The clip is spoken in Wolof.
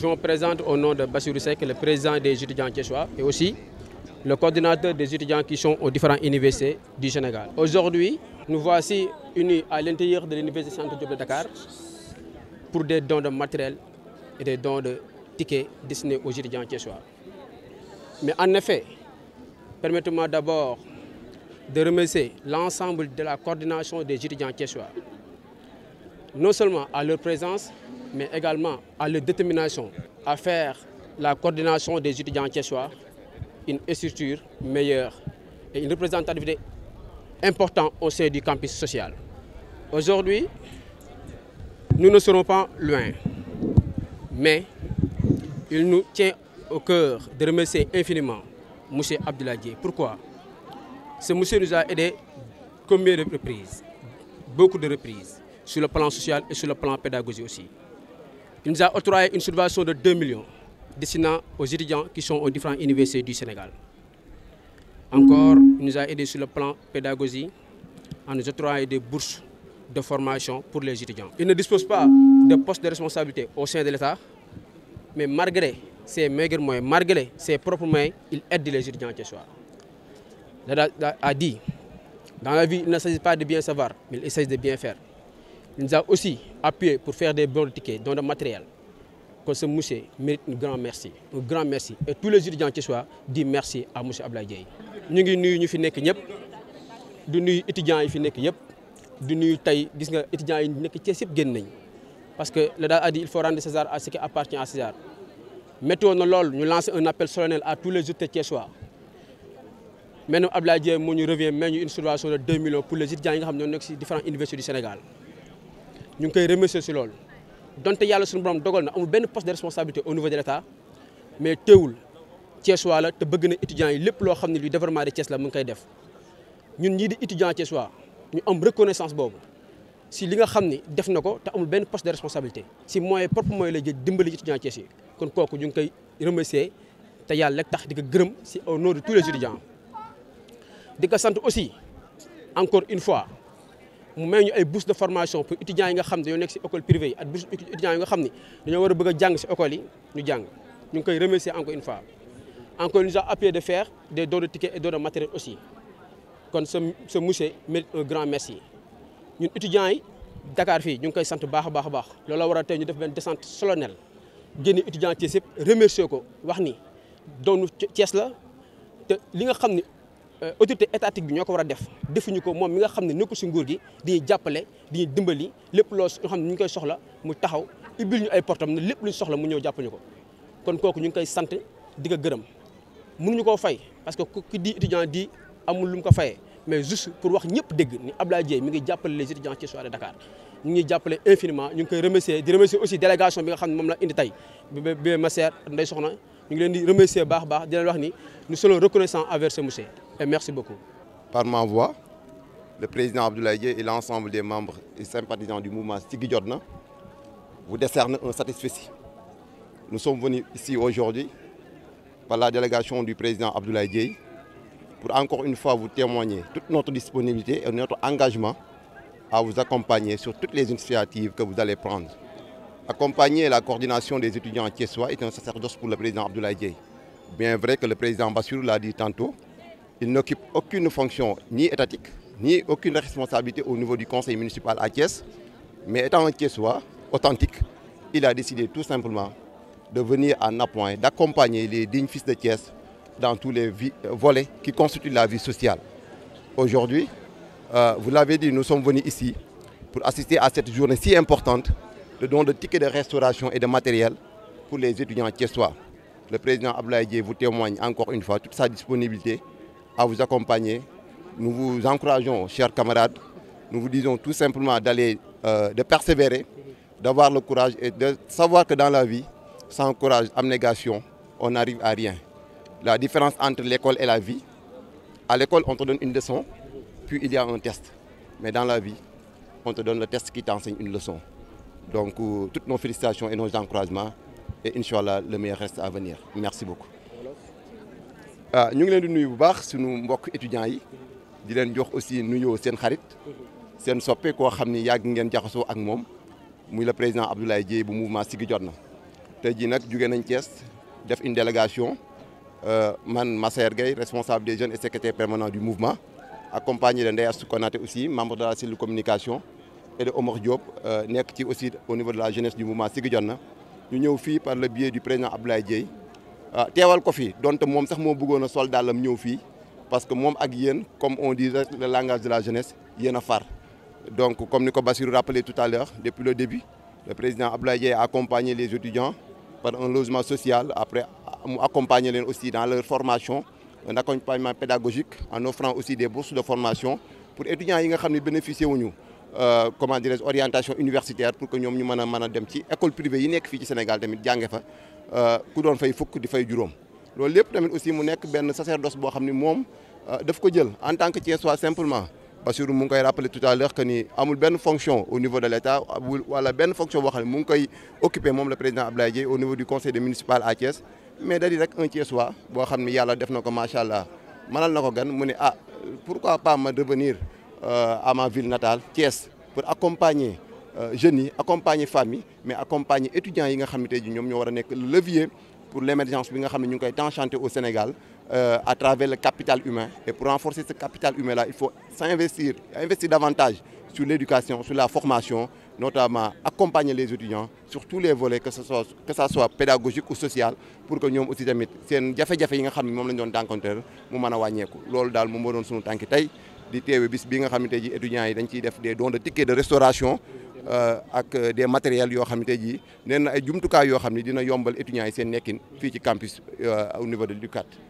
je me présente au nom de Bassirou Seck, le président des étudiants tchéchois et aussi le coordinateur des étudiants qui sont aux différentes universités du Sénégal. Aujourd'hui, nous voici unis à l'intérieur de l'Université Centre Diop de Dakar pour des dons de matériel et des dons de tickets destinés aux étudiants tchéchois. Mais en effet, permettez-moi d'abord de remercier l'ensemble de la coordination des étudiants tchéchois non seulement à leur présence, mais également à leur détermination à faire la coordination des étudiants tchèchois une structure meilleure et une représentativité importante au sein du campus social. Aujourd'hui, nous ne serons pas loin, mais il nous tient au cœur de remercier infiniment M. Abdoulaye. Pourquoi Ce monsieur nous a aidés combien de reprises Beaucoup de reprises. sur le plan social et sur le plan pédagogique aussi. Il nous a octroyé une subvention de deux millions destinant aux étudiants qui sont aux différentes universités du Sénégal. Encore, il nous a aidé sur le plan pédagogique en nous octroyant des bourses de formation pour les étudiants. Il ne dispose pas de poste de responsabilité au sein de l'État, mais malgré ses maigres moyens, malgré ses propres moyens, il aide les étudiants ce soir. L'État a dit, dans la vie, il ne s'agit pas de bien savoir, Il nous a aussi appuyé pour faire des bons tickets, dont le matériel. Que ce monsieur mérite un grand merci. Un grand merci. Et tous les étudiants qui soient disent merci à monsieur Ablaye Nous sommes nous fi nekk ñep du nuyu étudiants yi fi nekk yep du nuyu tay gis nga étudiants yi nek ci yep genn nañ parce que le dal a il faut rendre César à ce qui appartient à César. Mettons na lool ñu lancer un appel solennel à tous les autres Thiessois. Maintenant Ablaye Dieye mo ñu revient ñu ñu ngi koy remercier si loolu donte yàlla suñu borom dogal na amul benn poste de responsabilité au niveau de l'État mais téewul Thiessois la te bëgg na étudiants yi lépp loo xam ne luy développement de Thiès la mu ngi koy def ñun ñii di étudiant Thiessois ñu am reconnaissance boobu si li nga xam ni def na ko te amul benn poste de responsabilité si moyen propre moyen lay jël dimbali étudiant Thiès yi kon kooku ñu ngi koy remercier te yàlla rek tax di ko gërëm si au nom de tous les étudiants di ko sant aussi encore une fois mu may ñu ay bourse de formation pour étudiants yi nga xam ne dañoo nekk si école privée yi ak bourse étudiants yi nga xam ne dañoo war a bëgg a jàng si école yi ñu jàng ñu ngi koy remercier encore une fois encore une fois appuyé de faire des dons de tickets et dons de matériel aussi kon sa sa monsieur mérite un yi Dakar fii ñu ngi koy sant baax a baax baax loolu war a tey ñu def benn descente solennelle génne étudiant Thiès yëpp remercier ko wax ni doonu Thiès la te li nga xam ne Euh, autorité étatique bi ñoo ko war a def defuñu ko moom mi nga xam ne nekkul si nguur gi diñuy jàppale diñuy dimbali lépp loo xam ne ñu ngi koy soxla mu taxaw ubbil ñu ay portam ne lépp luñ soxla mu ñëw jàppañu ko kon kooku ñu ngi koy sant di ko gërëm mënuñu koo fay parce que ku di étudiant di amul lu mu ko fayee mais juste pour wax ñëpp dégg ni Abdoulaye Dièye mi ngi jàppale les étudiants ci soirée Dakar ñu ngi jàppale infiniment ñu ngi koy remercier aussi délégation bi nga xam ne moom la indi tey bi ma sœur Ndeye Soxna ñu ngi leen di remercier baax baax di leen wax ni nous sommes et merci beaucoup. Par ma voix, le président Abdoulaye Dièye et l'ensemble des membres et sympathisants du mouvement Siggi Jotna vous décerne un satisfecit. Nous sommes venus ici aujourd'hui par la délégation du président Abdoulaye Dièye pour encore une fois vous témoigner toute notre disponibilité et notre engagement à vous accompagner sur toutes les initiatives que vous allez prendre. Accompagner la coordination des étudiants en Thiessois est un sacerdoce pour le président Abdoulaye Dièye. Bien vrai que l'a dit tantôt, il n'occupe aucune fonction ni étatique, ni aucune responsabilité au niveau du conseil municipal à Thiès. Mais étant un Thiessois authentique, il a décidé tout simplement de venir à appoint, d'accompagner les dignes fils de Thiès dans tous les volets qui constituent la vie sociale. Aujourd'hui, euh, vous l'avez dit, nous sommes venus ici pour assister à cette journée si importante de don de tickets de restauration et de matériel pour les étudiants thiessois. Le président Ablaye vous témoigne encore à vous accompagner. Nous vous encourageons, chers camarades. Nous vous disons tout simplement d'aller, euh, de persévérer, d'avoir le courage et de savoir que dans la vie, sans courage, abnégation, on n'arrive à rien. La différence entre l'école et la vie, à l'école, on te donne une leçon, puis il y a un test. Mais dans la vie, on te donne le test qui t'enseigne une leçon. Donc, euh, toutes nos félicitations et nos encouragements. Et Inch'Allah, le meilleur reste à venir. Merci ah ñu ngi leen di nuyu bu baax suñu mbokk étudiants yi di leen jox aussi nuyoo seen xarit seen soppe koo xam ni yàgg ngeen jaxasoo ak moom muy le président Abdoulaye Dièye bu mouvement Siggi jot na te jii nag jóge nañ Thiès def une délégation euh, man Massaer Gueye responsable des jeunes et secrétaire permanent du mouvement accompagné de Ndeye Astou Konaté aussi membre de la communication et de Omar Diop euh, nekk ci aussi au niveau de la jeunesse du mouvement Siggi jot na ñu ñëw fii par le biais du président Abdoulaye Dièye Ah, teewal ko fi donte moom sax moo bëggoon a sol dàllam ñëw fii parce que moom ak yéen comme on dit le langage de la jeunesse yéen a far donc comme ni ko Bassirou rappelé tout à l'heure depuis le début le président Abdoulaye Dièye a les étudiants par un logement social après mu accompagner leen aussi dans leur formation un accompagnement pédagogique en offrant aussi des bourses de formation pour étudiants yi nga xam ne bénéficier wuñu Euh, comment dirais-je orientation universitaire ñoom ñu mën a mën dem ci école privée yi nekk fii ci Sénégal tamit jànge fa ku doon fay fukk di fay juróom loolu lépp tamit aussi mu nekk benn sacerdoce boo xam ni moom euh, daf ko jël en tant que Thiessois simplement Bassirou mu ngi koy rappeler tout à l'heure que ni amul benn fonction au niveau de l'État wala benn fonction boo xam ne mu ngi koy occupé moom le président Abdoulaye Dièye au niveau du conseil de municipal à Thiès mais da rek un Thiessois boo xam ni yàlla def na ko macha allah mënal na ko gan mu ne ah pourquoi pas ma revenir euh, à ma ville natale Thiès pour accompagner. Euh, jeunes yi accompagner femmes yi mais accompagner étudiants yi nga xam ne tey jii ñoom ñoo war a nekk levier pour l'émergence bi nga xam ne ñu ngi koy enchanter au Sénégal euh, à travers le capital humain et pour renforcer ce capital humain là il faut s'investir investir davantage sur l'éducation sur la formation notamment accompagner les étudiants sur tous les volets que ce soit que ça soit pédagogique ou social pour que ñoom aussi tamit seen jafe-jafe yi nga xam ne moom lañ doon dànkanteel a wàññeeku loolu daal moom moo doon sunu tànki nga xam ne tey yi dañ ciy de tickets de restauration Euh, ak euh, des matériels yoo xam ne tey jii nee ay jumtukaay yoo xam ne dina yombal étudiants yi seen nekkin fii ci campus euh, au niveau de l'UCAD